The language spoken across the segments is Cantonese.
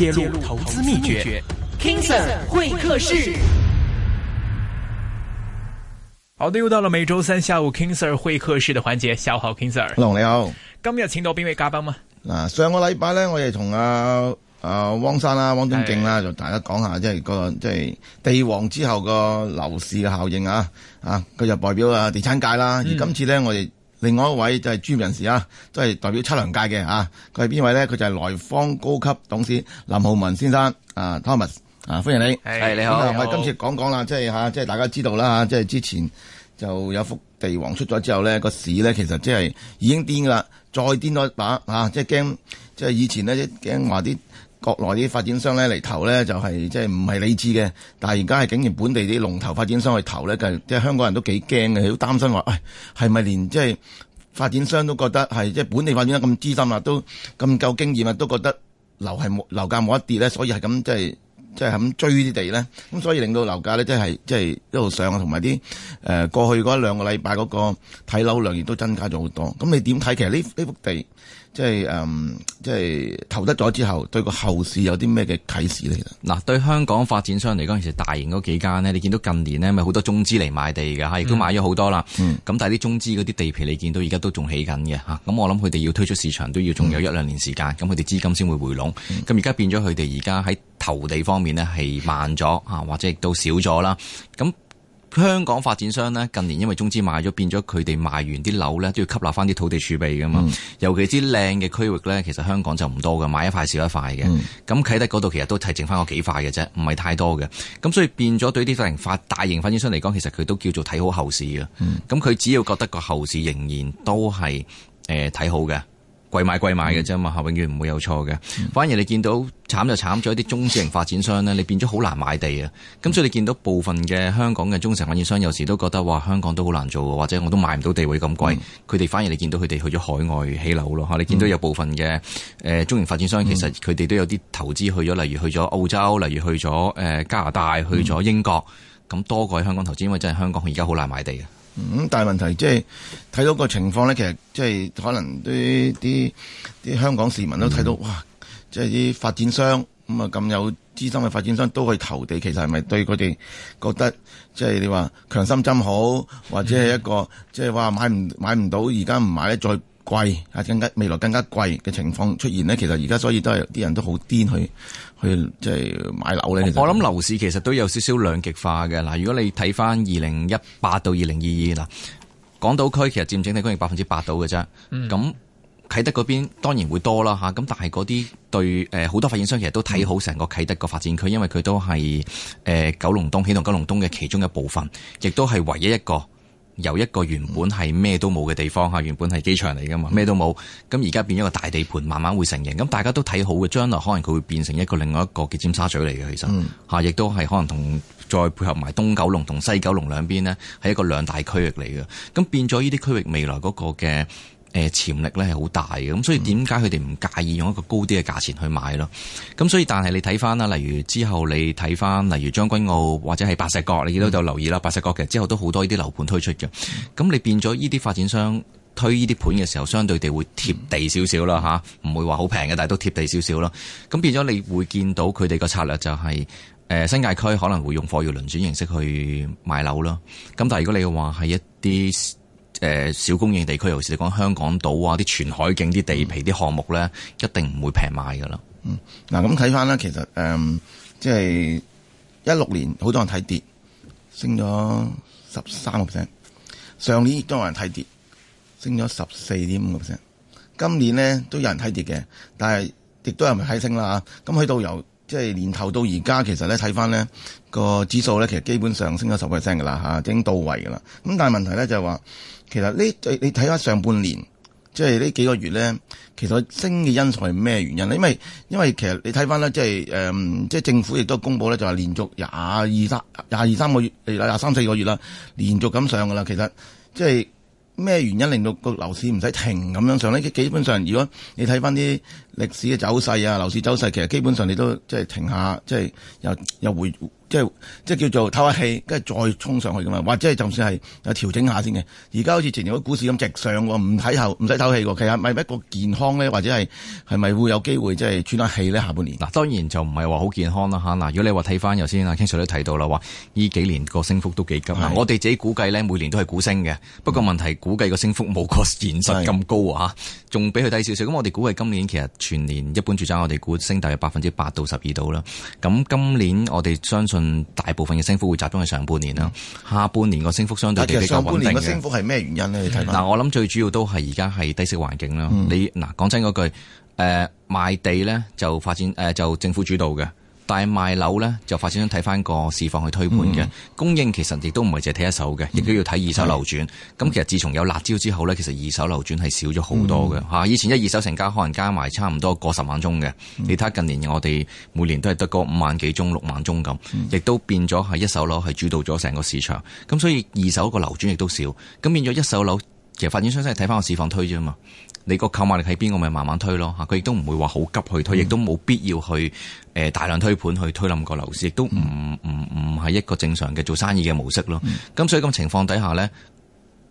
揭露投資秘訣，King Sir 會客室。好的，又到了每周三下午 King Sir 會客室的環節。小好，King Sir，你好。今日請到邊位嘉賓呀？嗱，上個禮拜咧，我哋同啊，啊，汪生啦、啊、汪敦敬啦、啊，就大家講下即係個即係、就是、地王之後個樓市嘅效應啊。啊，佢就代表啊地產界啦、啊。嗯、而今次咧，我哋。另外一位就係專業人士啊，都係代表測量界嘅嚇，佢係邊位咧？佢就係萊坊高級董事林浩文先生啊，Thomas 啊，歡迎你。係 Hey,、嗯、你好。咁啊、嗯，我今次講講啦，即係嚇，即係大家知道啦嚇，即係之前就有幅地王出咗之後咧，個市咧，其實即係已經癲啦，再癲多一把嚇，即係驚，即係以前咧驚話啲。國內啲發展商咧嚟投咧，就係即係唔係理智嘅，但係而家係竟然本地啲龍頭發展商去投咧，就即係香港人都幾驚嘅，佢都擔心話，唉，係咪連即係發展商都覺得係即係本地發展得咁資深啦，都咁夠經驗啊，都覺得樓係樓價冇一跌咧，所以係咁即係。即係咁追啲地咧，咁所以令到樓價咧，即係即係一路上同埋啲誒過去嗰一兩個禮拜嗰個睇樓量亦都增加咗好多。咁你點睇其實呢呢幅地即係誒即係投得咗之後，對個後市有啲咩嘅啟示咧？嗱、嗯，對香港發展商嚟講，其實大型嗰幾間咧，你見到近年呢咪好多中資嚟買地嘅嚇，亦都買咗好多啦。咁、嗯、但係啲中資嗰啲地皮，你見到而家都仲起緊嘅嚇。咁我諗佢哋要推出市場都要仲有一兩年時間，咁佢哋資金先會回籠。咁而家變咗佢哋而家喺。投地方面呢，係慢咗啊，或者亦都少咗啦。咁香港發展商呢，近年因為中止賣咗，變咗佢哋賣完啲樓呢，都要吸納翻啲土地儲備噶嘛。嗯、尤其啲靚嘅區域呢，其實香港就唔多噶，買一塊少一塊嘅。咁啟德嗰度其實都提剩翻個幾塊嘅啫，唔係太多嘅。咁所以變咗對啲大型發大型發展商嚟講，其實佢都叫做睇好後市嘅。咁佢、嗯、只要覺得個後市仍然都係誒睇好嘅。貴買，貴買嘅啫嘛，永遠唔會有錯嘅。嗯、反而你見到慘就慘咗一啲中小型發展商呢，你變咗好難買地啊。咁、嗯、所以你見到部分嘅香港嘅中小型發展商，有時都覺得哇，香港都好難做，或者我都買唔到地位咁貴。佢哋、嗯、反而你見到佢哋去咗海外起樓咯嚇。嗯、你見到有部分嘅誒中小型發展商，嗯、其實佢哋都有啲投資去咗，例如去咗澳洲，例如去咗誒加拿大，去咗英國，咁、嗯、多過喺香港投資，因為真係香港而家好難買地啊。咁、嗯、大問題，即係睇到個情況咧。其實即係可能對啲啲香港市民都睇到、嗯、哇，即係啲發展商咁啊咁有資深嘅發展商都去投地，其實係咪對佢哋覺得即係你話強心針好，或者係一個即係話買唔買唔到買，而家唔買得再貴啊，更加未來更加貴嘅情況出現咧。其實而家所以都係啲人都好癲去。去即係買樓咧，我諗樓市其實都有少少兩極化嘅。嗱，如果你睇翻二零一八到二零二二嗱，港島區其實佔整體供應百分之八到嘅啫。咁、嗯、啟德嗰邊當然會多啦吓，咁但係嗰啲對誒好多發展商其實都睇好成個啟德個發展區，因為佢都係誒九龍東起動九龍東嘅其中一部分，亦都係唯一一個。由一個原本係咩都冇嘅地方嚇，原本係機場嚟噶嘛，咩都冇，咁而家變一個大地盤，慢慢會成型。咁大家都睇好嘅，將來可能佢會變成一個另外一個嘅尖沙咀嚟嘅，其實嚇，亦都係可能同再配合埋東九龍同西九龍兩邊呢，係一個兩大區域嚟嘅。咁變咗呢啲區域未來嗰個嘅。誒潛力咧係好大嘅，咁所以點解佢哋唔介意用一個高啲嘅價錢去買咯？咁所以但係你睇翻啦，例如之後你睇翻，例如將軍澳或者係白石角，你都有留意啦。白石角其實之後都好多呢啲樓盤推出嘅。咁你變咗呢啲發展商推呢啲盤嘅時候，相對地會貼地少少啦，吓，唔會話好平嘅，但係都貼地少少咯。咁變咗你會見到佢哋個策略就係、是、誒、呃、新界區可能會用貨如輪轉形式去賣樓啦。咁但係如果你話係一啲，誒小供應地區，尤其是你講香港島啊、啲全海景啲地皮啲項目咧，一定唔會平賣噶啦。嗯，嗱咁睇翻咧，其實誒，即係一六年好多人睇跌，升咗十三個 percent。上年亦都有人睇跌，升咗十四點五個 percent。今年咧都有人睇跌嘅，但係亦都有人睇升啦嚇。咁去到由即係年頭到而家，其實咧睇翻咧個指數咧，其實基本上升咗十個 percent 噶啦嚇，已經到位噶啦。咁但係問題咧就係話，其實呢，你睇翻上半年，即係呢幾個月咧，其實升嘅因素係咩原因咧？因為因為其實你睇翻咧，即係誒、嗯，即係政府亦都公布咧，就話、是、連續廿二,二三廿二,二三個月，誒廿三四個月啦，連續咁上噶啦。其實即係咩原因令到個樓市唔使停咁樣上咧？基本上，如果你睇翻啲歷史嘅走勢啊，樓市走勢，其實基本上你都即係停下，即係又又會。即係即係叫做透下氣，跟住再衝上去㗎嘛，或者係就算係有調整下先嘅。而家好似前年嗰股市咁直上喎，唔睇後唔使透氣喎。其實咪一個健康咧，或者係係咪會有機會即係喘下氣咧？下半年嗱，當然就唔係話好健康啦嚇嗱。如果你話睇翻頭先阿 King Sir 提到啦，話呢幾年個升幅都幾急啊。的我哋自己估計咧，每年都係股升嘅，不過問題估計個升幅冇個現實咁高啊，仲的比佢低少少。咁我哋估計今年其實全年一般住宅我哋估升大約百分之八到十二度啦。咁今年我哋相信。嗯，大部分嘅升幅會集中喺上半年啦，下半年個升幅相對地比較穩定嘅。但係其實上半年嘅升幅係咩原因咧？你睇翻嗱，我諗最主要都係而家係低息環境啦。嗯、你嗱講真嗰句，誒、呃、賣地咧就發展，誒、呃、就政府主導嘅。但係賣樓呢，就發展商睇翻個市況去推盤嘅、嗯、供應，其實亦都唔係淨係睇一手嘅，亦都、嗯、要睇二手流轉。咁、嗯、其實自從有辣招之後呢，其實二手流轉係少咗好多嘅嚇。嗯、以前一二手成交可能加埋差唔多過十萬宗嘅，嗯、你睇近年我哋每年都係得個五萬幾宗、六萬宗咁，亦都、嗯、變咗係一手樓係主導咗成個市場。咁所以二手個流轉亦都少，咁變咗一手樓，其實發展商真係睇翻個市況推啫嘛。你個購買力喺邊個咪慢慢推咯吓，佢亦都唔會話好急去推，亦都冇必要去誒大量推盤去推冧個樓市，亦都唔唔唔係一個正常嘅做生意嘅模式咯。咁、嗯、所以咁情況底下呢，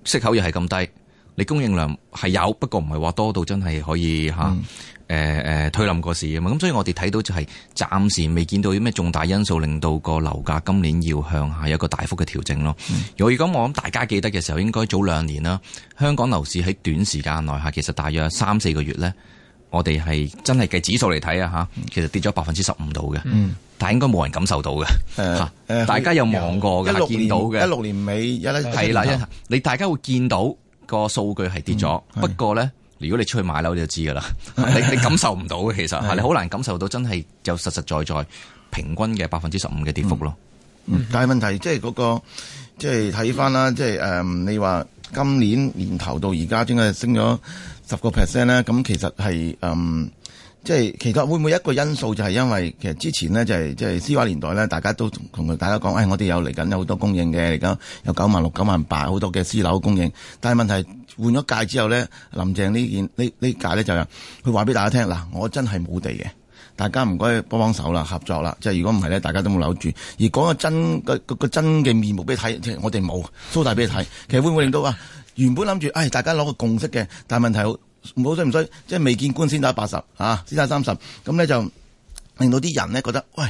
息口又係咁低，你供應量係有，不過唔係話多到真係可以吓。嗯誒誒、呃，推冧嗰時啊嘛，咁所以我哋睇到就係暫時未見到啲咩重大因素令到個樓價今年要向下有一個大幅嘅調整咯。嗯、如果我諗大家記得嘅時候，應該早兩年啦。香港樓市喺短時間內吓，其實大約三四個月咧，我哋係真係計指數嚟睇啊吓，其實跌咗百分之十五度嘅，嗯、但係應該冇人感受到嘅。的大家有望過嘅，見到嘅一六年尾一係啦，你大家會見到個數據係跌咗，嗯、不過咧。如果你出去買樓，你就知噶啦， 你你感受唔到其實，係 你好難感受到真係就實實在在平均嘅百分之十五嘅跌幅咯。嗯嗯、但係問題即係嗰個，即係睇翻啦，即係誒，你話今年年頭到而家，應該升咗十個 percent 咧。咁其實係誒，即、嗯、係、就是、其實會唔會一個因素就係因為其實之前呢，就係即係 CY 年代咧，大家都同大家講，誒、哎，我哋有嚟緊有好多供應嘅，而家有九萬六、九萬八，好多嘅私樓供應，但係問題。換咗界之後咧，林鄭呢件呢呢屆咧就佢話俾大家聽，嗱 我真係冇地嘅，大家唔該幫幫手啦，合作啦，即係如果唔係咧，大家都冇扭住。而講個真、個個真嘅面目俾你睇，即係我哋冇 show 大俾你睇，其實會唔會令到啊？原本諗住，唉、哎，大家攞個共識嘅，但係問題好唔好？衰，唔衰，即係未見官先打八十啊？先打三十咁咧，就令到啲人咧覺得，喂。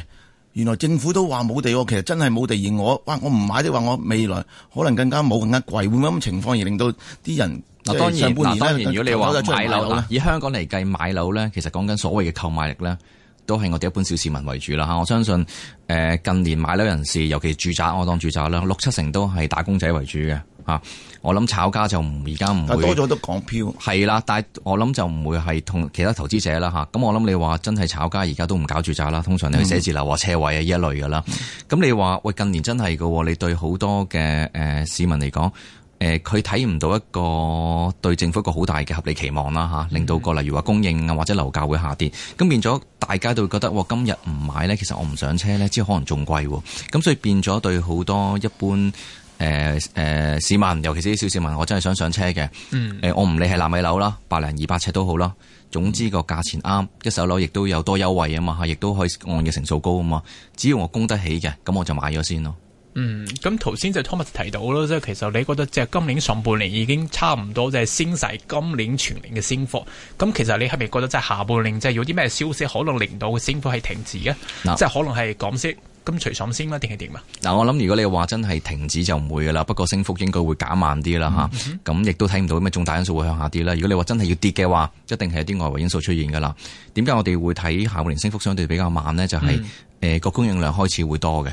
原來政府都話冇地喎，其實真係冇地。而我，哇！我唔買都話我未來可能更加冇，更加貴，會咁樣情況而令到啲人。嗱當然，半年當然如果你話買樓咧，以香港嚟計買樓咧，其實講緊所謂嘅購買力咧，都係我哋一般小市民為主啦嚇。我相信誒近年買樓人士，尤其住宅，我當住宅啦，六七成都係打工仔為主嘅。啊！我諗炒家就唔而家唔會多咗都港票係啦，但係我諗就唔會係同其他投資者啦吓。咁我諗你話真係炒家而家都唔搞住宅啦，通常你去寫字樓啊車位啊一類噶啦。咁、嗯、你話喂近年真係噶，你對好多嘅誒、呃、市民嚟講，誒佢睇唔到一個對政府一個好大嘅合理期望啦吓、啊，令到個例如話供應啊或者樓價會下跌，咁變咗大家都會覺得，我今日唔買咧，其實我唔上車咧，即可能仲貴。咁所以變咗對好多一般。誒誒，呃呃，市民，尤其是啲小市民，我真係想上車嘅。誒，嗯呃，我唔理係納米樓啦，百零二百尺都好啦，總之個價錢啱，嗯，一手樓亦都有多優惠啊嘛，亦都可以按嘅成數高啊嘛，只要我供得起嘅，咁我就買咗先咯。嗯，咁頭先就 Thomas 提到咯，即係其實你覺得即係今年上半年已經差唔多，即係升晒今年全年嘅升幅。咁其實你係咪覺得即係下半年即係有啲咩消息，可能令到升幅係停止嘅？呃，即係可能係港息。咁除上先啦，定係點啊？嗱，我諗如果你話真係停止就唔會噶啦，不過升幅應該會減慢啲啦吓。咁、mm hmm. 啊、亦都睇唔到咩重大因素會向下跌啦。如果你話真係要跌嘅話，一定係有啲外圍因素出現噶啦。點解我哋會睇下半年升幅相對比較慢呢？就係誒個供應量開始會多嘅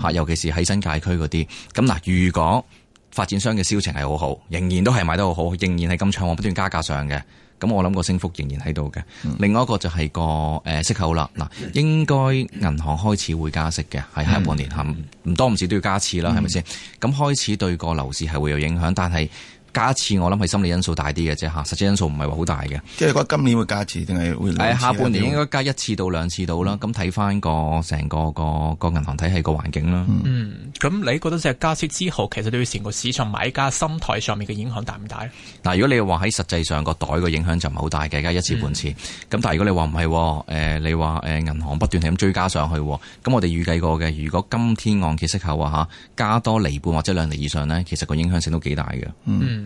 吓，尤其是喺新界區嗰啲。咁、啊、嗱，如果發展商嘅銷情係好好，仍然都係賣得好好，仍然係咁暢旺，不斷加價上嘅。咁我諗個升幅仍然喺度嘅，嗯、另外一個就係個誒息口啦。嗱，應該銀行開始會加息嘅，喺下半年嚇，唔多唔少都要加次啦，係咪先？咁、嗯、開始對個樓市係會有影響，但係。加一次我諗係心理因素大啲嘅啫吓，實際因素唔係話好大嘅。即係覺得今年會加一次定係會？下半年應該加一次到兩次到啦。咁睇翻個成個個個銀行體系個環境啦。咁、嗯嗯、你覺得即係加息之後，其實對成個市場買家心態上面嘅影響大唔大咧？嗱，如果你話喺實際上個袋嘅影響就唔係好大嘅，加一次半次。咁、嗯、但係如果你話唔係，誒、呃、你話誒銀行不斷係咁追加上去，咁我哋預計過嘅，如果今天按揭息口啊嚇加多厘半或者兩厘以上咧，其實個影響性都幾大嘅。嗯。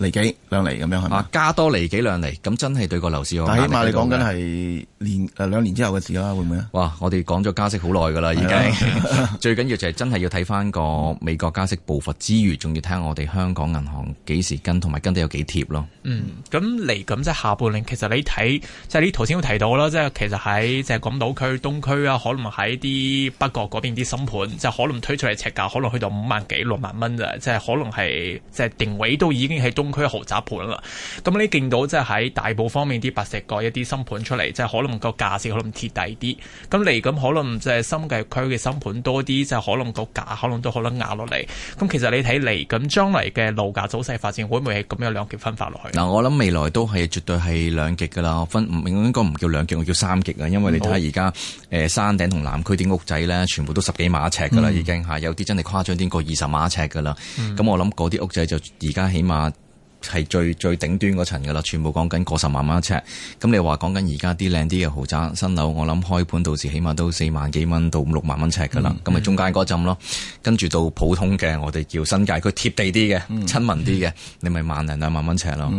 嚟幾兩厘咁樣係嘛？加多嚟幾兩厘咁真係對個樓市好。起碼你講緊係年誒兩年之後嘅事啦，會唔會啊？哇！我哋講咗加息好耐㗎啦，已經對了 最緊要就係真係要睇翻個美國加息步伐之餘，仲要睇下我哋香港銀行幾時跟，同埋跟得有幾貼咯。嗯，咁嚟咁即係下半年，其實你睇即係你頭先都提到啦，即係其實喺即係港島區、東區啊，可能喺啲北角嗰邊啲新盤，即係可能推出嚟尺價，可能去到五萬幾六萬蚊咋，即係可能係即係定位都已經係東。區豪宅盤啦，咁你見到即係喺大埔方面啲白石角一啲新盤出嚟，即、就、係、是、可能個價值可能貼底啲，咁嚟咁可能即係新界區嘅新盤多啲，即、就、係、是、可能個價可能都可能壓落嚟。咁其實你睇嚟咁將來嘅樓價走勢發展，會唔會係咁樣兩極分化落去？嗱，我諗未來都係絕對係兩極噶啦，分唔應該唔叫兩極，我叫三極啊。因為你睇下而家誒山頂同南區啲屋仔咧，全部都十幾萬一尺噶啦，嗯、已經吓，有啲真係誇張啲過二十萬一尺噶啦。咁、嗯嗯、我諗嗰啲屋仔就而家起碼係最最頂端嗰層噶啦，全部講緊過十萬蚊尺。咁你話講緊而家啲靚啲嘅豪宅新樓，我諗開盤到時起碼都四萬幾蚊到五六萬蚊尺噶啦。咁咪、嗯、中間嗰陣咯，跟住到普通嘅我哋叫新界，佢貼地啲嘅，嗯、親民啲嘅，嗯、你咪萬零兩萬蚊尺咯。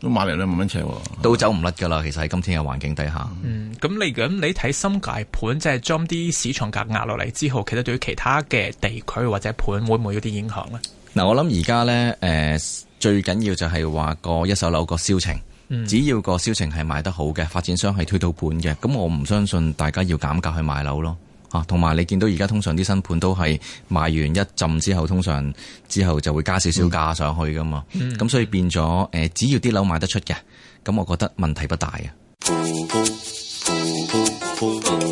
都萬零兩萬蚊尺，都走唔甩噶啦。其實喺今天嘅環境底下，嗯，咁你咁你睇新界盤，即係將啲市場價壓落嚟之後，其實對於其他嘅地區或者盤會唔會有啲影響咧？嗱、嗯，我諗而家咧，誒、呃。嗯嗯嗯最緊要就係話個一手樓個銷情，只要個銷情係賣得好嘅，發展商係推到盤嘅，咁我唔相信大家要減價去賣樓咯。啊，同埋你見到而家通常啲新盤都係賣完一浸之後，通常之後就會加少少價上去㗎嘛。咁、嗯嗯、所以變咗，誒，只要啲樓賣得出嘅，咁我覺得問題不大啊。嗯嗯嗯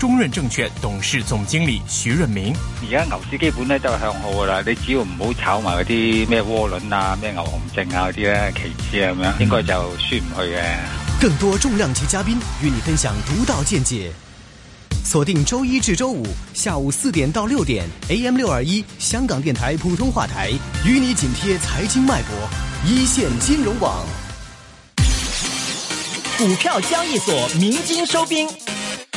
中潤證券董事總經理徐潤明：而家牛市基本咧都向好噶啦，你只要唔好炒埋嗰啲咩渦輪啊、咩牛熊證啊嗰啲咧，期指啊咁樣，應該就輸唔去嘅。更多重量級嘉賓與你分享獨到見解，見解鎖定周一至周五下午四點到六點 AM 六二一香港電台普通話台，與你緊貼財經脈搏，一線金融網，股票交易所鳴金收兵。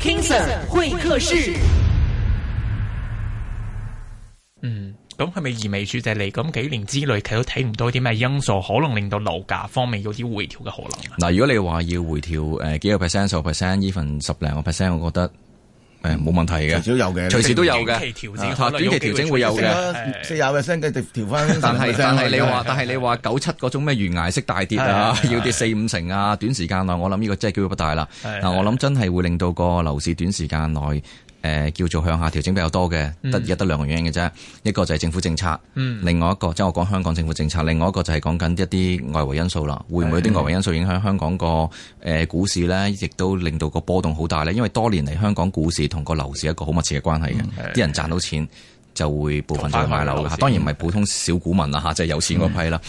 King Sir, King Sir 會客室，嗯，咁係咪意味住就係嚟緊幾年之內，佢都睇唔到啲咩因素，可能令到樓價方面有啲回調嘅可能？嗱，如果你話要回調誒、呃、幾個 percent、十個 percent、even 十零個 percent，我覺得。誒，冇問題嘅，隨時都有嘅，隨時都有嘅，短期調整是可能有機會短期調整會有嘅，四廿 percent 嘅調翻。調 但係是但係你話，但係你話九七嗰種咩懸崖式大跌啊 的要跌四五成啊的短時間內我諗呢個真係機會不大啦。嗱，我諗真係會令到個樓市短時間內。誒、呃、叫做向下調整比較多嘅，得一得兩個原因嘅啫。一個就係政府政策，嗯、另外一個即係我講香港政府政策，另外一個就係講緊一啲外圍因素啦。會唔會啲外圍因素影響香港個誒、呃、股市咧？亦都令到個波動好大咧。因為多年嚟香港股市同個樓市一個好密切嘅關係，啲、嗯、人賺到錢。就會部分去買樓嘅，當然唔係普通小股民啦嚇，嗯、即係有錢嗰批啦。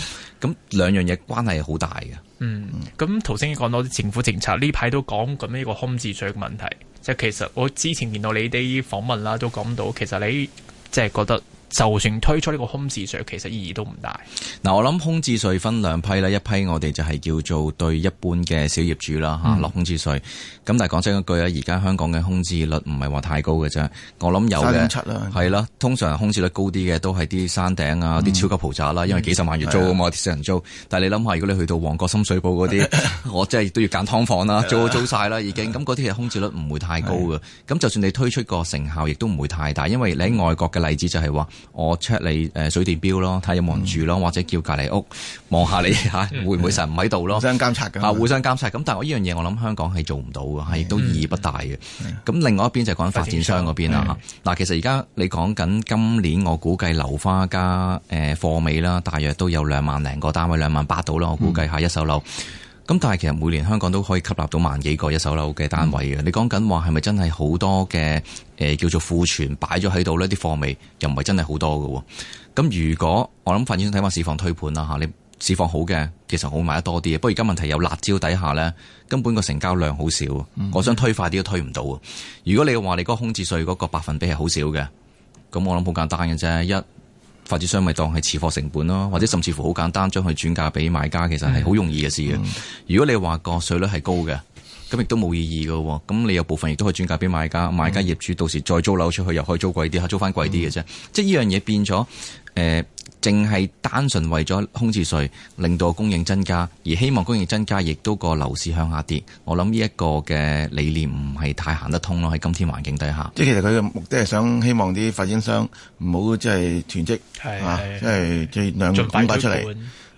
咁、嗯、兩樣嘢關係好大嘅。嗯，咁頭先講到政府政策呢排都講緊呢個空置稅嘅問題，即係其實我之前見到你哋訪問啦，都講到其實你即係覺得。就算推出呢個空置稅，其實意義都唔大。嗱，我諗空置稅分兩批啦，一批我哋就係叫做對一般嘅小業主啦嚇落空置稅。咁但係講真一句啊，而家香港嘅空置率唔係話太高嘅啫。我諗有嘅，係啦，通常空置率高啲嘅都係啲山頂啊、啲超級豪宅啦，因為幾十萬月租啊嘛，啲少人租。但係你諗下，如果你去到旺角深水埗嗰啲，我真係都要揀劏房啦，租都租晒啦已經。咁嗰啲嘅空置率唔會太高嘅。咁就算你推出個成效，亦都唔會太大，因為你喺外國嘅例子就係話。我 check 你誒水電表咯，睇有冇人住咯。嗯、或者叫隔籬屋望下你吓，嗯、會唔會成日唔喺度咯？互相監察嘅吓，互相監察。咁但係我呢樣嘢，我諗香港係做唔到嘅，係的都意義不大嘅。咁的另外一邊就講發展商嗰邊啦。嗱，其實而家你講緊今年，我估計樓花加誒貨尾啦，大約都有兩萬零個單位，兩萬八到啦。我估計下一手樓。咁、嗯、但係其實每年香港都可以吸納到 1, 萬幾個一手樓嘅單位嘅。嗯、你講緊話係咪真係好多嘅？誒，叫做庫存擺咗喺度呢啲貨尾又，又唔係真係好多嘅。咁如果我諗，發展商睇下市況推盤啦嚇，你市況好嘅，其實好賣得多啲。不過而家問題有辣椒底下咧，根本個成交量好少，我想推快啲都推唔到。如果你話你嗰個空置稅嗰個百分比係好少嘅，咁我諗好簡單嘅啫，一發展商咪當係持貨成本咯，或者甚至乎好簡單將佢轉嫁俾買家，其實係好容易嘅事嘅。如果你話個稅率係高嘅。咁亦都冇意義㗎喎，咁你有部分亦都可以轉嫁俾買家，買家業主到時再租樓出去又可以租貴啲，租翻貴啲嘅啫。即係呢樣嘢變咗，誒，淨係單純為咗空置稅，令到供應增加，而希望供應增加，亦都個樓市向下跌。我諗呢一個嘅理念唔係太行得通咯，喺今天環境底下。即係其實佢嘅目的係想希望啲發展商唔好即係囤積，係啊，即係儘量擺出嚟。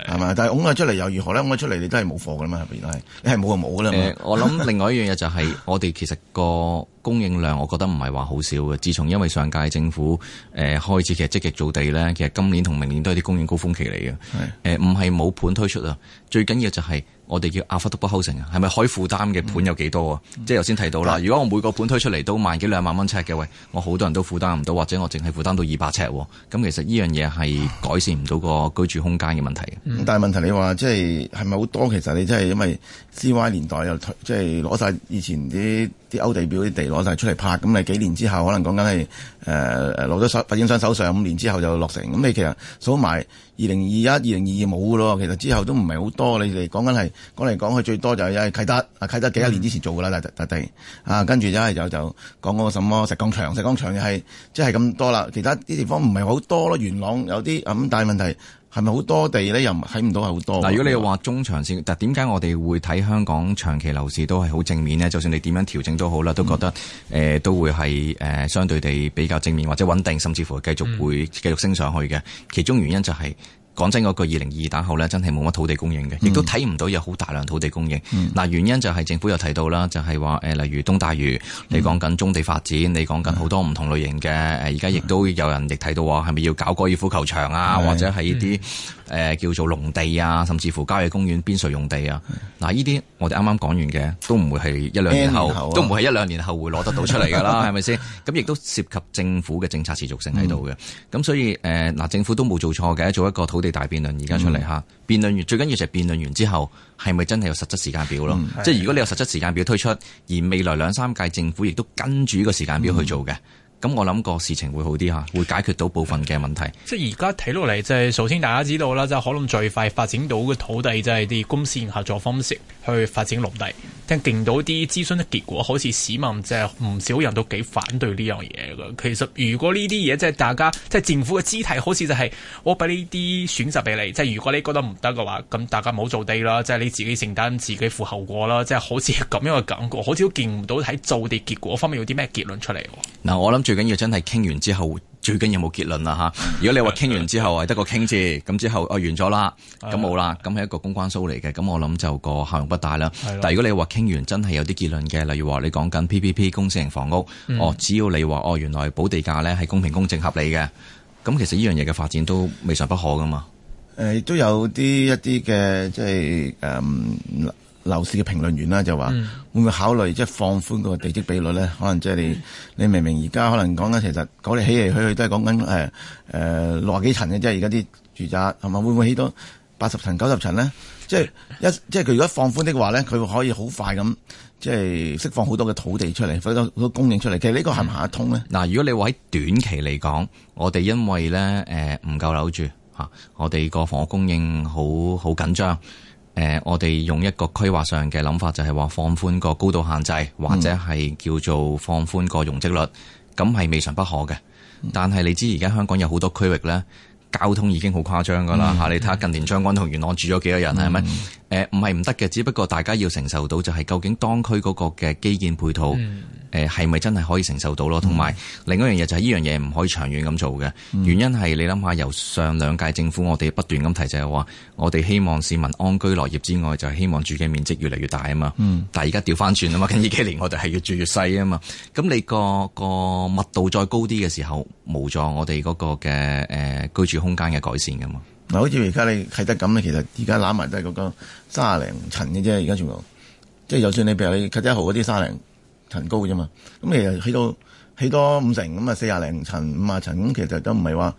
係嘛？但係拱咗出嚟又如何咧？拱出嚟你都係冇貨噶嘛？係咪都係？你係冇就冇啦，呃。我諗另外一樣嘢就係，是， 我哋其實個供應量，我覺得唔係話好少嘅。自從因為上屆政府誒、呃、開始，其實積極造地咧，其實今年同明年都係啲供應高峰期嚟嘅。誒是，唔係冇盤推出啊。最緊要就係我哋叫 affordable housing 啊，係咪可以負擔嘅盤有幾多啊？嗯、即係頭先提到啦，嗯、如果我每個盤推出嚟都萬幾兩萬蚊尺嘅，喂，我好多人都負擔唔到，或者我淨係負擔到二百尺喎。咁其實呢樣嘢係改善唔到個居住空間嘅問題嘅。嗯、但係問題你話即係係咪好多？其實你真係因為 C Y 年代又即係攞晒以前啲。啲歐地表啲地攞晒出嚟拍，咁你幾年之後可能講緊係誒誒攞咗手發展商手上，五年之後就落成。咁你其實數埋二零二一、二零二二冇嘅咯，其實之後都唔係好多。你哋講緊係講嚟講去最多就係啟德啊，啟德幾十年之前做嘅啦，第第地啊，跟住一係就就講嗰個什麼石崗場，石崗場又係即係咁多啦。其他啲地方唔係好多咯，元朗有啲咁，但係問題。係咪好多地咧又睇唔到係好多？嗱，如果你話中長線，但點解我哋會睇香港長期樓市都係好正面呢？就算你點樣調整都好啦，都覺得誒、嗯呃、都會係誒、呃、相對地比較正面或者穩定，甚至乎係繼續會繼續升上去嘅。其中原因就係、是。講真嗰句，二零二二打後咧，真係冇乜土地供應嘅，亦都睇唔到有好大量土地供應。嗱、嗯，原因就係政府有提到啦，就係話，誒，例如東大嶼，嗯、你講緊中地發展，你講緊好多唔同類型嘅，誒，而家亦都有人亦睇到話，係咪要搞高爾夫球場啊，的或者係呢啲。誒、呃、叫做農地啊，甚至乎郊野公園邊陲用地啊，嗱呢啲我哋啱啱講完嘅，都唔會係一兩年後，年後啊、都唔會係一兩年後會攞得到出嚟㗎啦，係咪先？咁亦都涉及政府嘅政策持續性喺度嘅。咁、嗯、所以誒嗱、呃，政府都冇做錯嘅，做一個土地大辯論而家出嚟嚇，嗯、辯論完最緊要就係辯論完之後係咪真係有實質時間表咯？嗯、即係如果你有實質時間表推出，而未來兩三屆政府亦都跟住呢個時間表去做嘅。嗯嗯咁我諗個事情會好啲吓，會解決到部分嘅問題。即係而家睇落嚟，即係首先大家知道啦，即係可能最快發展到嘅土地，即係啲公私合作方式去發展落地。聽勁到啲諮詢嘅結果，好似市民即係唔少人都幾反對呢樣嘢嘅。其實如果呢啲嘢即係大家即係政府嘅姿態，好似就係我俾呢啲選擇俾你，即係如果你覺得唔得嘅話，咁大家冇做地啦，即係你自己承擔自己負後果啦。即係好似咁樣嘅感覺，好似都見唔到喺做地結果方面有啲咩結論出嚟。嗱，我諗住。最緊要真係傾完之後，最緊有冇結論啦吓？如果你話傾完之後係得 個傾字，咁之後哦完咗啦，咁冇啦，咁係 一個公關 show 嚟嘅，咁我諗就個效用不大啦。 但係如果你話傾完真係有啲結論嘅，例如話你講緊 PPP 公司型房屋， 哦，只要你話哦原來補地價咧係公平公正合理嘅，咁其實呢樣嘢嘅發展都未嘗不可噶嘛。誒、呃，都有啲一啲嘅，即係誒。嗯樓市嘅評論員啦，就話、嗯、會唔會考慮即係放寬個地積比率咧？可能即係你、嗯、你明明而家可能講緊，其實講嚟起嚟去去都係講緊誒誒六十幾層嘅啫。而家啲住宅係咪會唔會起到八十層、九十層咧？即係一即係佢如果放寬的話咧，佢可以好快咁即係釋放好多嘅土地出嚟，好多好多供應出嚟。其實個走走呢個係唔行得通咧。嗱，如果你話喺短期嚟講，我哋因為咧誒唔夠樓住吓，我哋個房屋供應好好緊張。誒、呃，我哋用一個規劃上嘅諗法，就係話放寬個高度限制，或者係叫做放寬個容積率，咁係未嘗不可嘅。但係你知而家香港有好多區域咧，交通已經好誇張噶啦吓，嗯、你睇下近年將軍澳同元朗住咗幾多人係咪？嗯誒，唔係唔得嘅，只不過大家要承受到，就係究竟當區嗰個嘅基建配套，誒、嗯，係咪、呃、真係可以承受到咯？同埋、嗯，另一樣嘢就係呢樣嘢唔可以長遠咁做嘅。原因係你諗下，由上兩屆政府我哋不斷咁提就係話，我哋希望市民安居樂業之外，就係、係、希望住嘅面積越嚟越大啊嘛。嗯、但係而家調翻轉啊嘛，近呢幾年我哋係越住越細啊嘛。咁你、嗰個、嗰個密度再高啲嘅時候，無助我哋嗰個嘅誒、呃、居住空間嘅改善噶嘛？好似而家你係得咁其實而家攬埋都係嗰個三廿零層嘅啫，而家全部，即係就算你譬如你吉一號嗰啲三廿零層高嘅啫嘛，咁你又喺到。幾多五成咁啊？四廿零層、五廿層咁，其實都唔係話，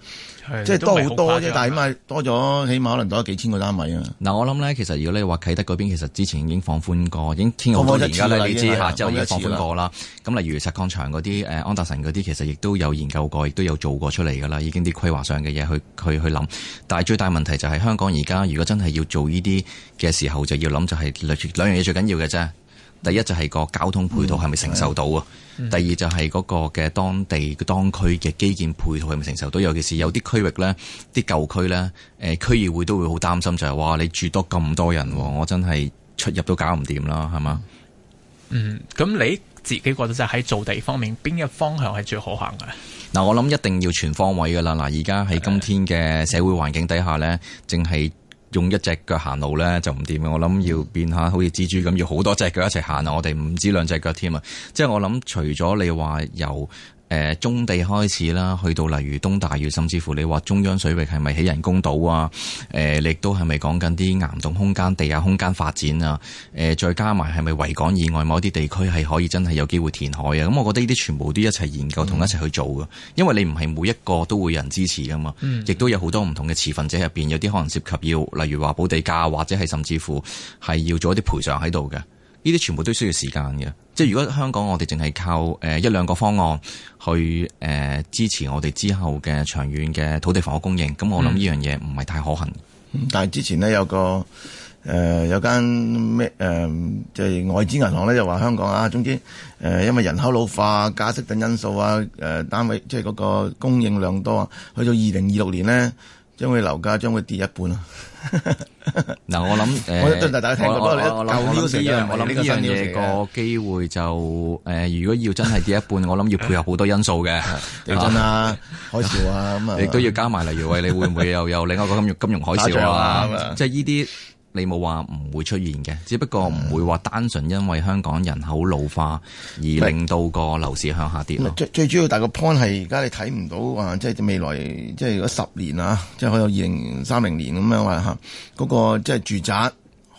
的即係多好多啫了。但係的起碼多咗，起碼可能多咗幾千個單位啊。嗱，我諗咧，其實如果你話啟德嗰邊，其實之前已經放寬過，已經聽我而家咧，你知吓，之後已經放寬過啦。咁、啊、例如石礦場嗰啲，誒、啊、安達臣嗰啲，其實亦都有研究過，亦都有做過出嚟噶啦。已經啲規劃上嘅嘢去去去諗。但係最大問題就係香港而家如果真係要做呢啲嘅時候，就要諗就係兩樣嘢最緊要嘅啫。第一就係個交通配套係咪承受到啊？嗯第二就係嗰個嘅當地、當區嘅基建配套係咪承受到？尤其是有啲區域呢，啲舊區呢，誒、呃、區議會都會好擔心、就係，就係哇！你住多咁多人，我真係出入都搞唔掂啦，係嘛？嗯，咁你自己覺得就喺造地方面，邊個方向係最可行嘅？嗱、嗯，我諗一定要全方位嘅啦。嗱，而家喺今天嘅社會環境底下呢，淨係的，用一隻腳行路咧就唔掂嘅，我諗要變下，好似蜘蛛咁，要好多隻腳一齊行啊！我哋唔止兩隻腳添啊，即係我諗除咗你話有。誒、呃、中地開始啦，去到例如東大嶼，甚至乎你話中央水域係咪起人工島啊？誒、呃，你都係咪講緊啲岩洞空間地下空間發展啊？誒、呃，再加埋係咪維港以外某一啲地區係可以真係有機會填海啊？咁我覺得呢啲全部都一齊研究，同一齊去做噶，嗯、因為你唔係每一個都會有人支持噶嘛，亦、嗯、都有好多唔同嘅持份者入邊，有啲可能涉及要，例如話補地價或者係甚至乎係要做一啲賠償喺度嘅，呢啲全部都需要時間嘅。即係如果香港我哋淨係靠誒一兩個方案去誒支持我哋之後嘅長遠嘅土地房屋供應，咁、嗯、我諗呢樣嘢唔係太可行、嗯。但係之前呢、呃，有個誒有間咩誒即係外資銀行咧，就話香港啊，總之誒、呃、因為人口老化、加息等因素啊，誒、呃、單位即係嗰個供應量多啊，去到二零二六年咧。將會樓價，將會跌一半啊！嗱， 我諗，欸、我對大家聽，不過舊呢樣，我諗呢樣嘢個機會就，誒， 如果要真係跌一半， 我諗要配合好多因素嘅，地 震 啊、海嘯啊，咁啊、就是，亦 都要加埋，例如喂，你會唔會又有另外一個金融金融海嘯啊？即係呢啲。 你冇話唔會出現嘅，只不過唔會話單純因為香港人口老化而令到個樓市向下跌最、嗯嗯嗯、最主要大個 point 係而家你睇唔到啊，即係未來即係十年啊，即係去到二零三零年咁樣話吓，嗰、那個即係住宅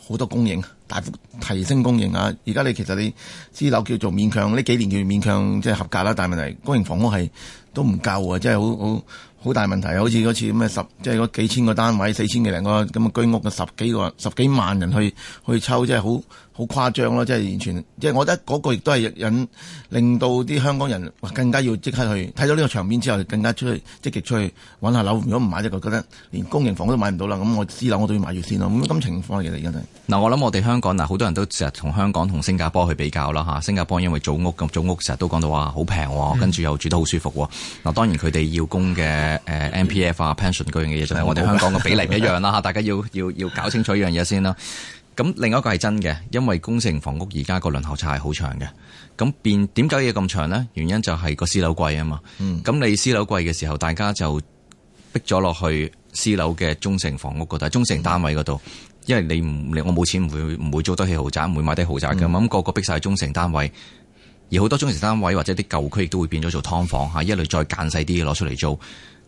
好多供應，大幅提升供應啊！而家你其實你私樓叫做勉強呢幾年叫勉強即係、就是、合格啦，但係問題公營房屋係都唔夠啊！即係好好。好大問題啊！好似嗰次咩十即係嗰幾千個單位，四千幾零個咁嘅居屋嘅十幾個、十幾萬人去去抽，即係好。好誇張咯！即係完全，即係我覺得嗰個亦都係引令到啲香港人更加要即刻去睇到呢個場面之後，更加出去積極出去揾下樓。如果唔買，就覺得連公營房都買唔到啦。咁我私樓我都要買住先咯。咁咁情況其實而家就嗱，我諗我哋香港嗱，好多人都成日同香港同新加坡去比較啦吓。新加坡因為組屋，咁組屋成日都講到話好平，嗯、跟住又住得好舒服。嗱，當然佢哋要供嘅誒 MPF 啊、Pension 樣嘅嘢就係我哋香港嘅比例唔一樣啦吓。 大家要要要搞清楚一樣嘢先啦。咁另一個係真嘅，因為公營房屋而家個輪候差係好長嘅，咁變點解嘢咁長呢？原因就係個私樓貴啊嘛。咁、嗯、你私樓貴嘅時候，大家就逼咗落去私樓嘅中成房屋嗰度，中成單位嗰度，因為你唔我冇錢唔會唔會租得起豪宅，唔會買得豪宅嘅。咁個，嗯、個逼曬中成單位，而好多中成單位或者啲舊區亦都會變咗做劏房嚇，一類再間細啲嘅攞出嚟租。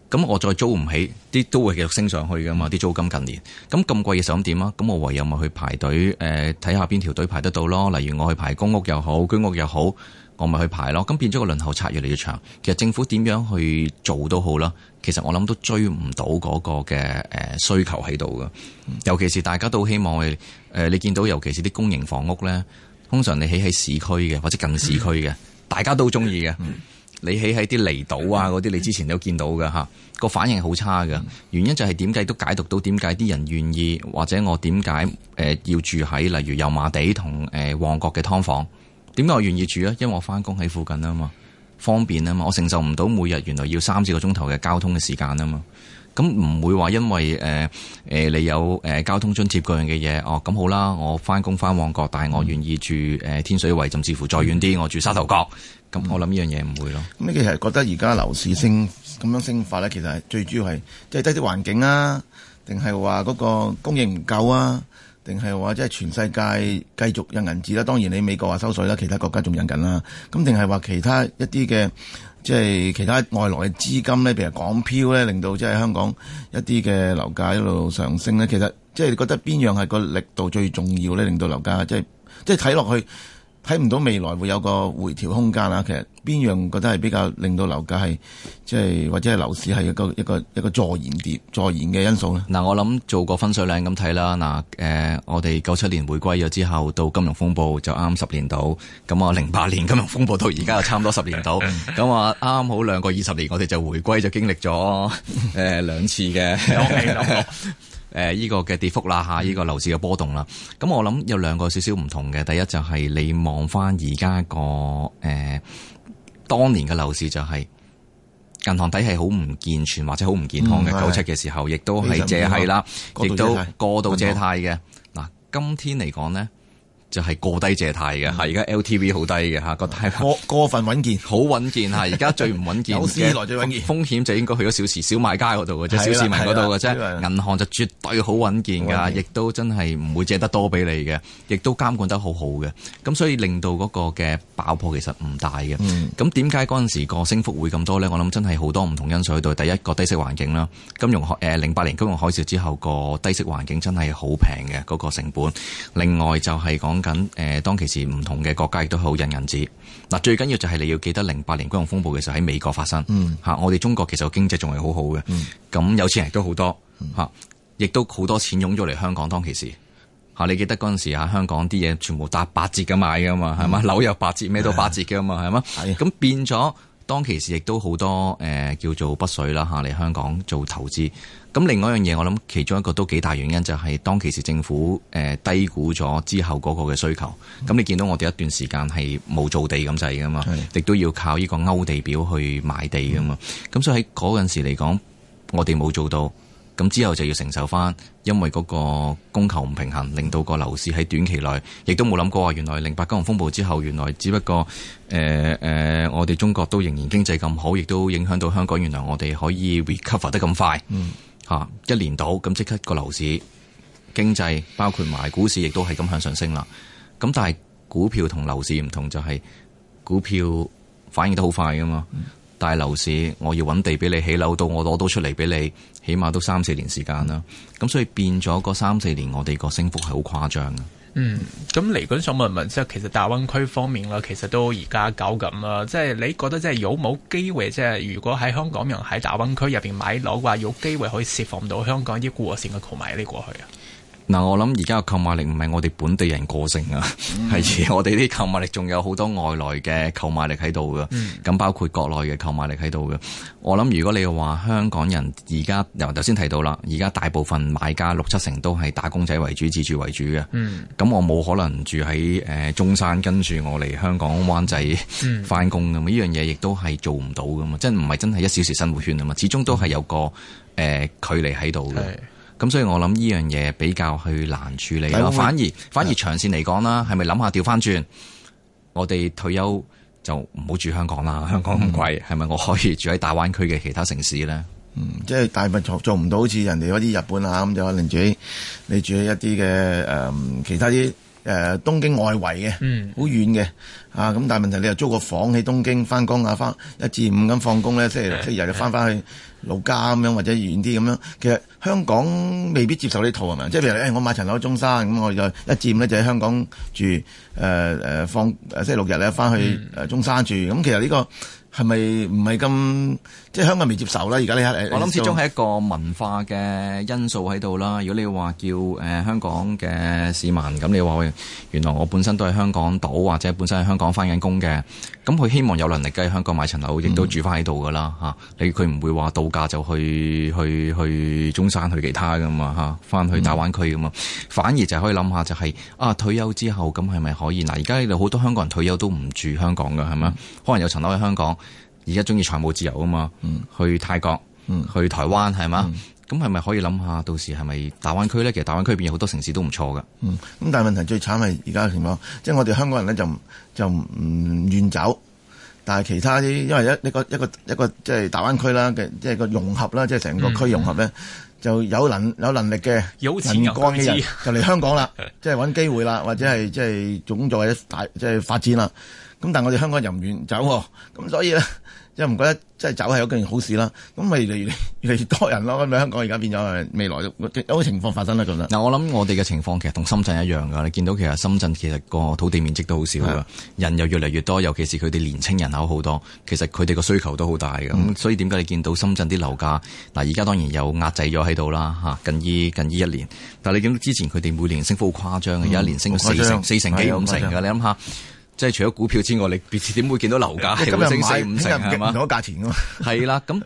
咁我再租唔起，啲都會繼續升上去噶嘛，啲租金近年咁咁貴嘅，想點啊？咁我唯有咪去排隊誒，睇下邊條隊排得到咯。例如我去排公屋又好，居屋又好，我咪去排咯。咁變咗個輪候冊越嚟越長。其實政府點樣去做都好啦，其實我諗都追唔到嗰個嘅誒需求喺度噶。嗯、尤其是大家都希望去、呃、你見到尤其是啲公營房屋咧，通常你起喺市區嘅或者近市區嘅，嗯、大家都中意嘅。嗯你起喺啲離島啊，嗰啲你之前都見到㗎吓，個反應好差㗎。原因就係點解都解讀到點解啲人願意，或者我點解誒要住喺例如油麻地同誒旺角嘅劏房？點解我願意住啊？因為我翻工喺附近啊嘛，方便啊嘛，我承受唔到每日原來要三四個鐘頭嘅交通嘅時間啊嘛。咁唔會話因為誒誒、呃呃、你有誒、呃、交通津貼嗰樣嘅嘢哦，咁好啦，我翻工翻旺角，但係我願意住誒、呃、天水圍，甚至乎再遠啲，我住沙頭角。咁我諗呢樣嘢唔會咯。咁、嗯、其實覺得而家樓市升咁樣升化咧，其實係最主要係即係低啲環境啊，定係話嗰個供應唔夠啊，定係話即係全世界繼續印銀紙啦、啊。當然你美國話收水啦，其他國家仲印緊啦。咁定係話其他一啲嘅。即係其他外來嘅資金咧，譬如港漂咧，令到即係香港一啲嘅樓價一路上升咧。其實即係你覺得邊樣係個力度最重要咧，令到樓價即係即係睇落去。睇唔到未來會有個回調空間啊！其實邊樣覺得係比較令到樓價係即係或者係樓市係一個一個一個，一個助燃點、助燃嘅因素咧？嗱、嗯呃，我諗做個分水嶺咁睇啦。嗱，誒，我哋九七年回歸咗之後，到金融風暴就啱十年到，咁啊零八年金融風暴到而家就差唔多十年到，咁啊啱好兩個二十年，我哋就回歸就經歷咗誒兩次嘅。 Okay, 誒依個嘅跌幅啦嚇，依個樓市嘅波動啦。咁我諗有兩個少少唔同嘅，第一就係你望翻而家個誒當年嘅樓市，就係銀行體係好唔健全或者好唔健康嘅九七嘅時候，亦都係借係啦，非常，亦都過度借貸嘅。嗱，多，今天嚟講呢。就係過低借貸嘅，而家 LTV 好低嘅吓，嗯、覺得過,過分穩健，好穩健吓。而家最唔穩健，穩健 有事來最穩健。風險就應該去咗小市、小買家嗰度嘅啫，小市民嗰度嘅啫。銀行就絕對好穩健噶，亦健都真係唔會借得多俾你嘅，亦都監管得好好嘅。咁所以令到嗰個嘅爆破其實唔大嘅。咁點解嗰陣時個升幅會咁多呢？我諗真係好多唔同因素喺度。第一個低息環境啦，金融海誒，零、呃、八年金融海嘯之後、嗰個低息環境真係好平嘅嗰個成本。另外就係講。緊誒，當其時唔同嘅國家亦都好印銀紙。嗱，最緊要就係你要記得，零八年金融風暴嘅時候喺美國發生。嗯，吓、啊、我哋中國其實個經濟仲係好好嘅。嗯，咁有錢人都好多。吓、嗯啊，亦都好多錢湧咗嚟香港當其時。吓、啊，你記得嗰陣時啊，香港啲嘢全部打八折咁買噶嘛，係嘛、嗯，樓又八折，咩都八折嘅嘛，係嘛。係。咁變咗，當其時亦都好多誒、呃，叫做北水啦吓嚟香港做投資。咁另外一樣嘢，我諗其中一個都幾大原因，就係、是、當其時政府誒低估咗之後嗰個嘅需求。咁、嗯、你見到我哋一段時間係冇做地咁滯噶嘛，亦的都要靠呢個勾地表去買地噶嘛。咁、嗯、所以喺嗰陣時嚟講，我哋冇做到。咁之後就要承受返，因為嗰個供求唔平衡，令到個樓市喺短期內亦都冇諗過話，原來零八金融風暴之後，原來只不過誒誒、呃呃，我哋中國都仍然經濟咁好，亦都影響到香港。原來我哋可以 recover 得咁快。嗯吓、啊、一年到，咁即刻個樓市、經濟，包括埋股市，亦都係咁向上升啦。咁但係股票同樓市唔同，就係、是、股票反應得好快噶嘛。但係樓市，我要搵地俾你起樓，到我攞到出嚟俾你，起碼都三四年時間啦。咁所以變咗個三四年，我哋個升幅係好誇張。嗯，咁嚟緊想問問，即係其實大灣區方面啦，其實都而家搞緊啦，即係你覺得即係有冇機會，即係如果喺香港人喺大灣區入邊買樓嘅話，有機會可以釋放到香港啲過剩嘅購買呢？過去啊？嗱，我諗而家嘅購買力唔係我哋本地人個性啊，係我哋啲購買力仲有好多外來嘅購買力喺度噶，咁、mm. 包括國內嘅購買力喺度嘅。我諗如果你話香港人而家由頭先提到啦，而家大部分買家六七成都係打工仔為主，自住為主嘅，咁、mm. 我冇可能住喺誒中山跟住我嚟香港灣仔翻工噶嘛，呢樣嘢亦都係做唔到噶嘛，即係唔係真係一小時生活圈啊嘛，始終都係有個誒、呃、距離喺度嘅。Mm. 咁所以我諗呢樣嘢比較去難處理，會反而反而長線嚟講啦，係咪諗下調翻轉？我哋退休就唔好住香港啦，香港咁貴，係咪、嗯？係咪我可以住喺大灣區嘅其他城市咧？嗯，即係大物做做唔到，好似人哋嗰啲日本啊咁，就可能住喺你住喺一啲嘅誒其他啲誒、呃、東京外圍嘅，好遠嘅啊！咁但係問題你又租個房喺東京翻工啊，翻一至五咁放工咧，即係即係日日翻翻去。嗯老家咁樣或者遠啲咁樣，其實香港未必接受呢套係咪？即係譬如誒、哎，我買層樓喺中山，咁我一就一占呢，就喺香港住，誒、呃、誒放誒星期六日咧翻去誒中山住，咁、嗯、其實呢個係咪唔係咁？即係香港未接受啦，而家你？我諗始終係一個文化嘅因素喺度啦。如果你話叫誒、呃、香港嘅市民，咁你話喂原來我本身都係香港島或者本身喺香港翻緊工嘅，咁佢希望有能力喺香港買層樓，亦都住翻喺度噶啦嚇。你佢唔會話度假就去去去中山去其他噶嘛嚇，翻、啊、去大灣區噶嘛，嗯、反而就可以諗下就係、是、啊退休之後咁係咪可以？嗱而家呢好多香港人退休都唔住香港噶係咪？可能有層樓喺香港。而家中意財務自由啊嘛，嗯、去泰國、嗯、去台灣係嘛？咁係咪可以諗下到時係咪大灣區呢？其實大灣區入邊好多城市都唔錯㗎。嗯，咁但係問題最慘係而家嘅情況，即係我哋香港人呢就就唔願走，但係其他啲因為一個一個一個一個即係、就是、大灣區啦即係個融合啦，即係成個區融合呢，嗯嗯、就有能有能力嘅人幹嘅就嚟香港啦，即係搵機會啦，或者係即係做在大即係、就是、發展啦。咁但係我哋香港人唔願走，咁、嗯、所以呢。即係唔覺得，即係走係一件好事啦。咁咪越嚟越嚟越多人咯。咁香港而家變咗未來有個情況發生啦。咁樣嗱，我諗我哋嘅情況其實同深圳一樣㗎。你見到其實深圳其實個土地面積都好少㗎，是的 人又越嚟越多，尤其是佢哋年青人口好多，其實佢哋個需求都好大㗎。咁、嗯、所以點解你見到深圳啲樓價嗱？而家當然有壓制咗喺度啦，嚇近呢近呢一,一年。但係你見到之前佢哋每年升幅好誇張嘅，嗯、一年升到四成、四成幾、五對成㗎。你諗下？即係除咗股票之外，你點會見到樓價係升升升？點解唔跌唔到價錢噶嘛？係 啦，咁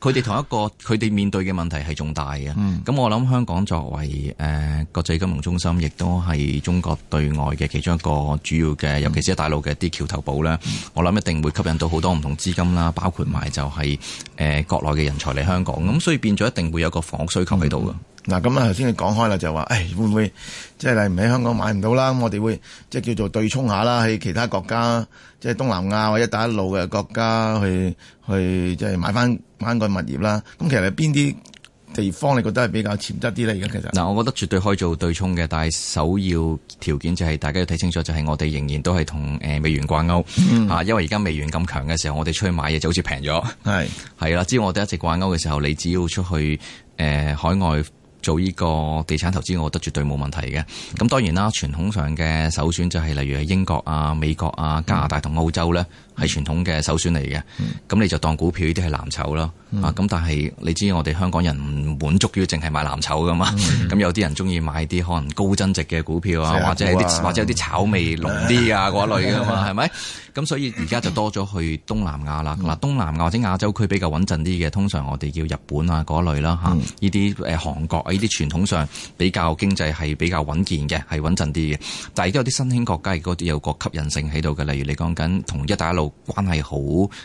佢哋同一個佢哋面對嘅問題係重大嘅。咁、嗯、我諗香港作為誒、呃、國際金融中心，亦都係中國對外嘅其中一個主要嘅，尤其是喺大陸嘅一啲橋頭堡咧。嗯、我諗一定會吸引到好多唔同資金啦，包括埋就係、是、誒、呃、國內嘅人才嚟香港。咁所以變咗一定會有個房屋需求喺度噶。嗯嗱咁啊，頭先你講開啦，就話，誒會唔會即係例如喺香港買唔到啦？咁我哋會即係叫做對沖下啦，喺其他國家，即係東南亞或者一帶一路嘅國家去去即係買翻翻個物業啦。咁其實邊啲地方你覺得係比較潛質啲咧？而家其實嗱，我覺得絕對可以做對沖嘅，但係首要條件就係、是、大家要睇清楚，就係、是、我哋仍然都係同誒美元掛鈎嚇，因為而家美元咁強嘅時候，我哋出去買嘢就好似平咗，係係啦。只要我哋一直掛鈎嘅時候，你只要出去誒、呃呃、海外。做依個地產投資，我覺得絕對冇問題嘅。咁當然啦，傳統上嘅首選就係例如係英國啊、美國啊、加拿大同澳洲咧。係傳統嘅首選嚟嘅，咁你就當股票呢啲係藍籌咯，啊咁但係你知我哋香港人唔滿足於淨係買藍籌噶嘛，咁有啲人鍾意買啲可能高增值嘅股票啊，或者啲或者有啲炒味濃啲啊嗰類噶嘛，係咪？咁所以而家就多咗去東南亞啦，嗱東南亞或者亞洲區比較穩陣啲嘅，通常我哋叫日本啊嗰類啦嚇，呢啲誒韓國呢啲傳統上比較經濟係比較穩健嘅，係穩陣啲嘅。但係而家有啲新興國家亦都有個吸引性喺度嘅，例如你講緊同一帶一路。關係好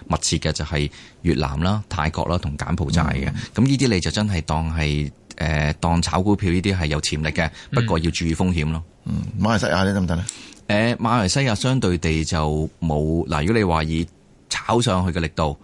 密切嘅就係、是、越南啦、泰國啦同柬埔寨嘅，咁呢啲你就真係當係誒、呃、當炒股票呢啲係有潛力嘅，不過要注意風險咯。嗯，馬來西亞你得唔得咧？誒、呃，馬來西亞相對地就冇嗱、呃，如果你話以炒上去嘅力度。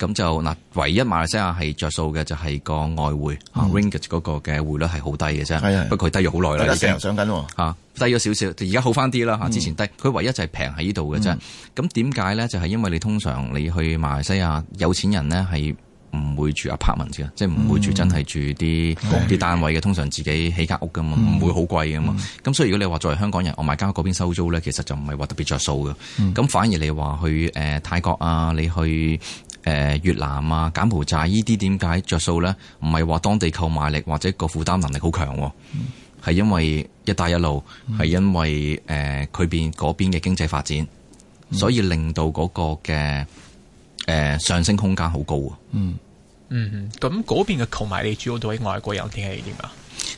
咁就嗱，唯一馬來西亞係着數嘅就係個外匯 Ringgit 嗰個嘅匯率係好低嘅啫，不過佢低咗好耐啦，而家成日上緊嚇，低咗少少，而家好翻啲啦嚇。之前低，佢唯一就係平喺呢度嘅啫。咁點解咧？就係因為你通常你去馬來西亞有錢人咧係唔會住 apartment 嘅，即係唔會住真係住啲啲單位嘅，通常自己起間屋噶嘛，唔會好貴噶嘛。咁所以如果你話作為香港人，我買間屋嗰邊收租咧，其實就唔係話特別着數嘅。咁反而你話去誒泰國啊，你去。誒、呃，越南啊，柬埔寨呢啲點解着數咧？唔係話當地購買力或者個負擔能力好強、啊，係、嗯、因為一帶一路，係、嗯、因為誒佢、呃、邊嗰邊嘅經濟發展，嗯、所以令到嗰個嘅誒、呃、上升空間好高、啊。嗯嗯，咁嗰、嗯、邊嘅購買力主要對外國人係點啊？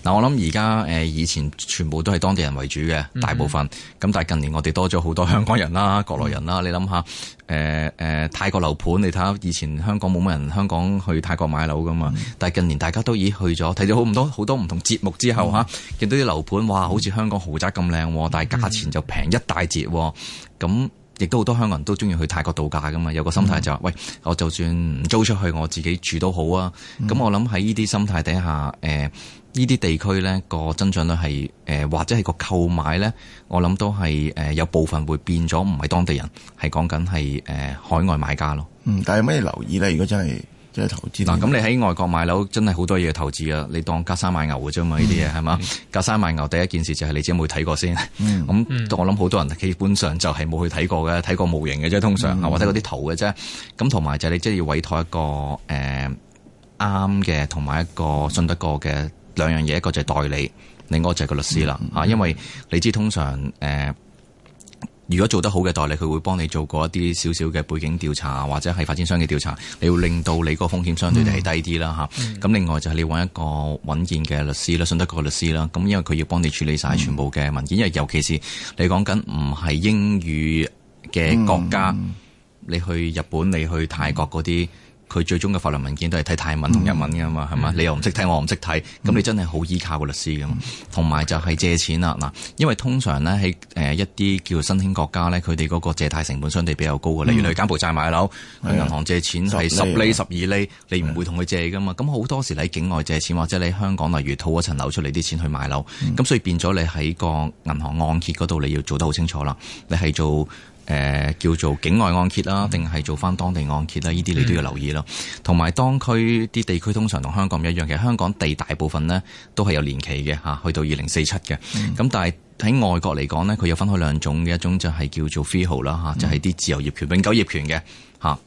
嗱，我諗而家誒，以前全部都係當地人為主嘅大部分咁，mm hmm. 但係近年我哋多咗好多香港人啦，國內人啦。Mm hmm. 你諗下誒誒，泰國樓盤你睇下，以前香港冇乜人香港去泰國買樓噶嘛？Mm hmm. 但係近年大家都已經去咗睇咗好唔多好多唔同節目之後，吓見、mm hmm. 到啲樓盤哇，好似香港豪宅咁靚，但係價錢就平一大截。咁亦、mm hmm. 啊、都好多香港人都中意去泰國度假噶嘛？有個心態就話、是 mm hmm. 喂，我就算唔租出去，我自己住都好啊。咁我諗喺呢啲心態底下，誒、欸。呢啲地區咧個增長率係誒，或者係個購買咧，我諗都係誒有部分會變咗，唔係當地人，係講緊係誒海外買家咯。嗯，但係有咩留意咧？如果真係真係投資嗱，咁、嗯、你喺外國買樓真係好多嘢要投資啊！你當隔山買牛嘅啫嘛？呢啲嘢係嘛？嗯、隔山買牛第一件事就係你自己有冇睇過先。咁、嗯、 我諗好多人基本上就係冇去睇過嘅，睇過模型嘅啫，通常或者嗰啲圖嘅啫。咁同埋就係你即係要委託一個誒啱嘅，同、呃、埋一個信得過嘅。兩樣嘢，一個就係代理，另外就係個律師啦。嚇、嗯，嗯、因為你知通常誒、呃，如果做得好嘅代理，佢會幫你做過一啲少少嘅背景調查，或者係發展商嘅調查，你要令到你個風險相對地係低啲啦嚇。咁、嗯嗯啊、另外就係你揾一個穩健嘅律師啦，信得過律師啦。咁因為佢要幫你處理晒全部嘅文件，嗯、因為尤其是你講緊唔係英語嘅國家，嗯嗯、你去日本、嗯、你去泰國嗰啲。佢最終嘅法律文件都係睇泰文同日文嘅嘛，係嘛、嗯？你又唔識睇，我唔識睇，咁、嗯、你真係好依靠個律師嘅嘛。同埋、嗯、就係借錢啦嗱，因為通常咧喺誒一啲叫新興國家咧，佢哋嗰個借貸成本相對比較高嘅。嗯、你原來柬埔寨買樓，去銀行借錢係十厘十二厘，你唔會同佢借嘅嘛。咁好多時你喺境外借錢，或者你喺香港例如套嗰層樓出嚟啲錢去買樓，咁、嗯、所以變咗你喺個銀行按揭嗰度，你要做得好清楚啦。你係做。誒、呃、叫做境外按揭啦，定係、嗯、做翻當地按揭啦？呢啲你都要留意咯。同埋、嗯、當區啲地區通常同香港唔一樣嘅，香港地大部分呢都係有年期嘅嚇，去到二零四七嘅。咁、嗯、但係喺外國嚟講呢，佢有分開兩種嘅，一種就係叫做 freehold 啦嚇，即係啲自由業權、永久業權嘅嚇，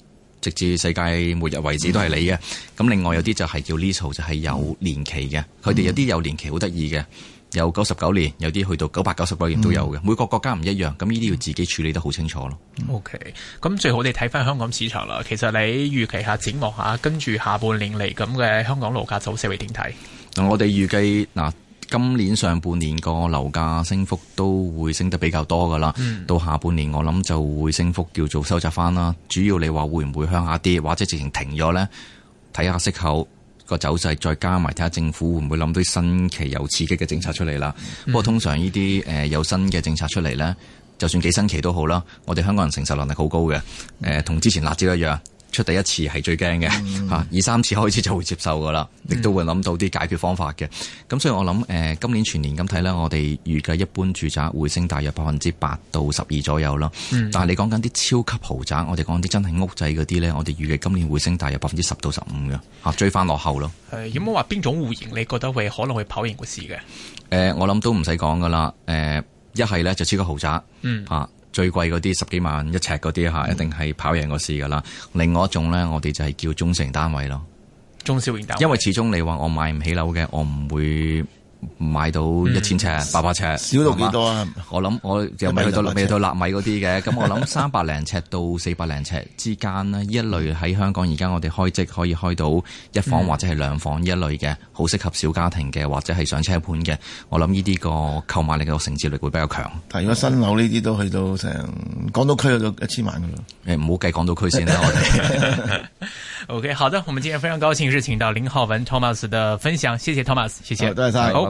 直至世界末日為止都係你嘅。咁、嗯、另外有啲就係叫 leasehold 就係有年期嘅，佢哋、嗯、有啲有年期好得意嘅。有九十九年，有啲去到九百九十九年都有嘅，嗯、每個國家唔一樣。咁呢啲要自己處理得好清楚咯。OK，咁最好你睇翻香港市場啦。其實你預期下展望下，跟住下半年嚟咁嘅香港樓價走勢會點睇？嗱，嗯、我哋預計嗱，今年上半年個樓價升幅都會升得比較多噶啦。嗯、到下半年我諗就會升幅叫做收窄翻啦。主要你話會唔會向下跌，或者直情停咗呢？睇下息口。個走勢再加埋，睇下政府會唔會諗到新奇又刺激嘅政策出嚟啦。嗯、不過通常呢啲誒有新嘅政策出嚟咧，就算幾新奇都好啦。我哋香港人承受能力好高嘅，誒、呃、同之前辣椒一樣。出第一次係最驚嘅吓，嗯、二三次開始就會接受噶啦，亦都會諗到啲解決方法嘅。咁、嗯、所以我諗誒、呃，今年全年咁睇咧，我哋預計一般住宅回升大約百分之八到十二左右啦。嗯、但係你講緊啲超級豪宅，我哋講啲真係屋仔嗰啲咧，我哋預計今年回升大約百分之十到十五嘅吓、啊，追翻落後咯。係有冇話邊種戶型你覺得會可能會跑贏個市嘅？誒、呃，我諗都唔使講噶啦。誒、呃，一係咧就超級豪宅，啊、嗯最貴嗰啲十幾萬一尺嗰啲嚇，一定係跑贏個市㗎喇。另外一種呢，我哋就係叫中成單位咯，中小型單位。因為始終你話我買唔起樓嘅，我唔會。買到一千尺，八百尺，少到幾多啊？我諗我又未去到未 到納米嗰啲嘅，咁我諗三百零尺到四百零尺之間咧，呢一類喺香港而家我哋開職可以開到一房或者係兩房、嗯、一類嘅，好適合小家庭嘅或者係上車盤嘅。我諗呢啲個購買力嘅承接力會比較強。但如果新樓呢啲都去到成港島區去到一千萬噶，唔好計港島區先啦。我哋 O K，好的，我們今日非常高興是請到林浩文 Thomas 嘅分享，謝謝 Thomas，謝謝。多謝多謝好。